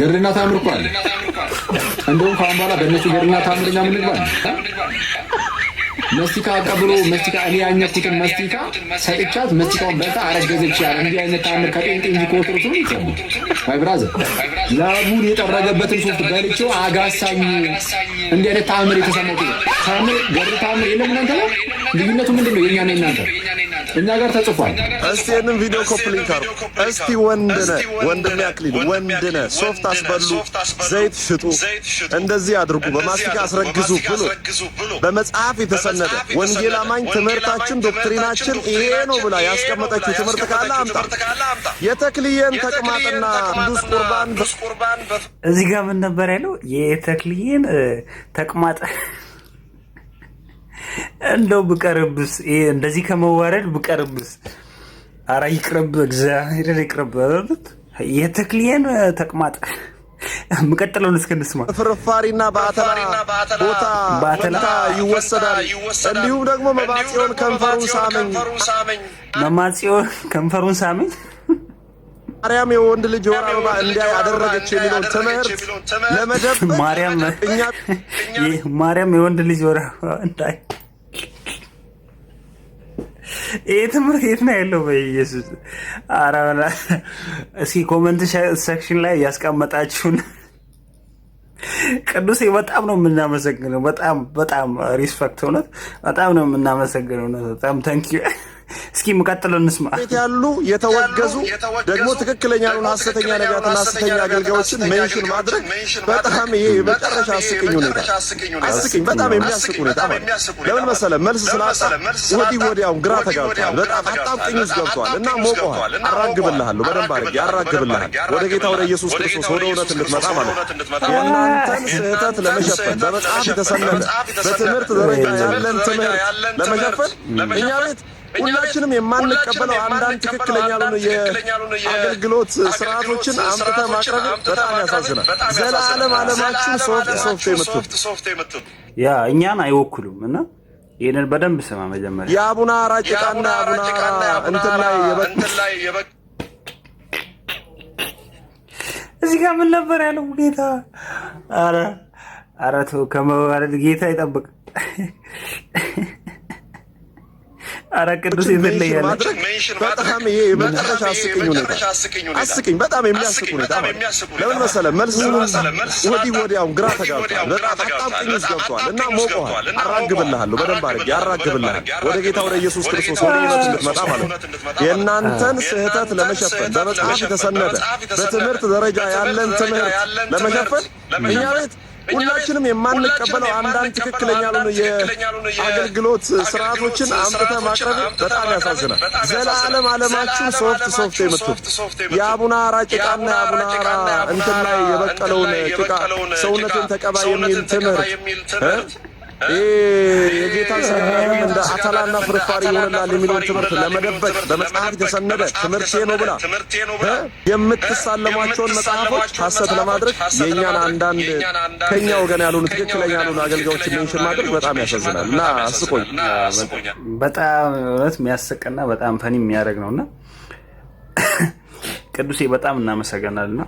ገድልና ታምር እኮ አለ። እንደውም ከአሁን በኋላ በእነሱ ገድልና ታምር እኛ ምን እንባል? መስቲካ ቀብሎ መስቲካ እኔ ያኘኩትን መስቲካ ሰጥቻት መስቲካውን በልታ አረገዘች። ያለ እንዲህ አይነት ታምር ከጤንጤ እንጂ ከወትሮት ምን ይቻላል? አይ ላቡን የጠረገበትን ሶፍት በልቼው አጋሳኝ። እንዲህ አይነት ታምር የተሰማው ታምር ገድል ታምር የለም። እናንተ ነው ልዩነቱ ምንድን ነው? የእኛና የእናንተ እኛ ጋር ተጽፏል። እስቲ ይህንን ቪዲዮ ኮፕሊንክ አሩ። እስቲ ወንድነ ወንድሜ አክሊል ወንድነ ሶፍት አስበሉ፣ ዘይት ሽጡ፣ እንደዚህ አድርጉ፣ በማስቲካ አስረግዙ ብሎ በመጽሐፍ የተሰነደ ወንጌል አማኝ ትምህርታችን፣ ዶክትሪናችን ይሄ ነው ብላ ያስቀመጠችው ትምህርት ካለ አምጣ። የተክልዬን ተቅማጥና ቅዱስ ቁርባን እዚህ ጋር ምን ነበር ያለው? የተክልዬን ተቅማጥ እንደው ብቀርብስ እንደዚህ ከመዋረድ ብቀርብስ፣ አረ ይቅረብ፣ እግዚአብሔር ይቅረብ። የተክልዬን ተቅማጥ የምቀጥለውን እስክንስማ ፍርፋሪና በአተላ ይወሰዳል። እንዲሁም ደግሞ መባጽዮን ከንፈሩን ሳመኝ፣ መማጽዮን ከንፈሩን ሳመኝ ማርያም የወንድ ልጅ የወር አበባ እንዲያይ አደረገች የሚለውን ትምህርት ለመደብ ማርያም የወንድ ልጅ የወር አበባ እንዳይ ይሄ ትምህርት የት ነው ያለው? በኢየሱስ ኧረ እስኪ ኮመንት ሴክሽን ላይ ያስቀመጣችሁን ቅዱሴ በጣም ነው የምናመሰግነው። በጣም በጣም ሪስፐክት እውነት በጣም ነው የምናመሰግነው። በጣም ተንኪዩ እስኪ ምቀጥል እንስማ። ቤት ያሉ የተወገዙ ደግሞ ትክክለኛ ያሉን ሀሰተኛ ነቢያትና ሀሰተኛ አገልጋዮችን ሜንሽን ማድረግ በጣም ይሄ በመጨረሻ አስቅኝ ሁኔታ አስቅኝ፣ በጣም የሚያስቅ ሁኔታ ማለት ለምን መሰለ፣ መልስ ስላጣ ወዲህ ወዲያውም ግራ ተጋብቷል። በጣም አጣብቅኝ ውስጥ ገብቷል እና ሞቆሃል። አራግብልሃለሁ፣ በደንብ አድርጌ አራግብልሃል። ወደ ጌታ ወደ ኢየሱስ ክርስቶስ ወደ እውነት እንድትመጣ ማለት የእናንተን ስህተት ለመሸፈን በመጽሐፍ የተሰነደ በትምህርት ደረጃ ያለን ትምህርት ለመሸፈን እኛ ቤት ሁላችንም የማንቀበለው አንዳንድ ትክክለኛ ያልሆነ የአገልግሎት ስርዓቶችን አምጥተ ማቅረብ በጣም ያሳዝናል። ዘላለም አለማችን ሶፍት ሶፍት የምትሉ ያ እኛን አይወክሉም እና ይህንን በደንብ ስማ። መጀመሪያ የአቡና ራጭቃና አቡና እንትን ላይ እዚህ ጋር ምን ነበር ያለው? ጌታ አረ አረ ተው ከመዋረድ ጌታ ይጠብቅ። አረ ቅዱስ ይዘለያል። በጣም የሚያስቅ ሁኔታ ለምን መሰለህ? መልስ ወዲህ ወዲያው ግራ ተጋብቷል፣ በጣም አጣብቂኝ ውስጥ ገብቷል እና ሞቆሃል። አራግብልሃለሁ፣ በደንብ አድርጌ አራግብልሃለሁ። ወደ ጌታ ወደ ኢየሱስ ክርስቶስ ወደ እውነት እንድትመጣ ማለት ነው። የእናንተን ስህተት ለመሸፈን በመጽሐፍ የተሰነደ በትምህርት ደረጃ ያለን ትምህርት ለመሸፈን እኛ ቤት ሁላችንም የማንቀበለው አንዳንድ ትክክለኛ ያልሆነ የአገልግሎት ስርዓቶችን አምጥተ ማቅረብ በጣም ያሳዝናል። ዘላለም ዓለማችን ሶፍት ሶፍት የምትሉት የአቡነ አራ ጭቃና የአቡነ አራ እንትን ላይ የበቀለውን ጭቃ ሰውነትን ተቀባ የሚል ትምህርት የጌታ ሰላም እንደ አተላና ፍርፋሪ ይሆንላል የሚለውን ትምህርት ለመደበቅ በመጽሐፍ የተሰነደ ትምህርቴ ነው ብላ የምትሳለሟቸውን መጽሐፎች ሐሰት ለማድረግ የእኛን አንዳንድ ከእኛ ወገን ያልሆኑ ትክክለኛ ያልሆኑ አገልጋዮችን ሜንሽን ማድረግ በጣም ያሳዝናል እና አስቆኝ በጣም እውነት የሚያስቅና በጣም ፈኒ የሚያደርግ ነውና ቅዱሴ በጣም እናመሰገናልና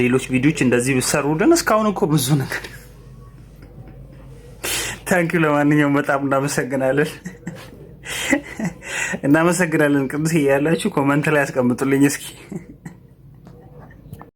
ሌሎች ቪዲዮች እንደዚህ ብሰሩ ደን እስካሁን እኮ ብዙ ነገር ታንኪ ለማንኛውም በጣም እናመሰግናለን እናመሰግናለን። ቅዱስ እያላችሁ ኮመንት ላይ ያስቀምጡልኝ እስኪ።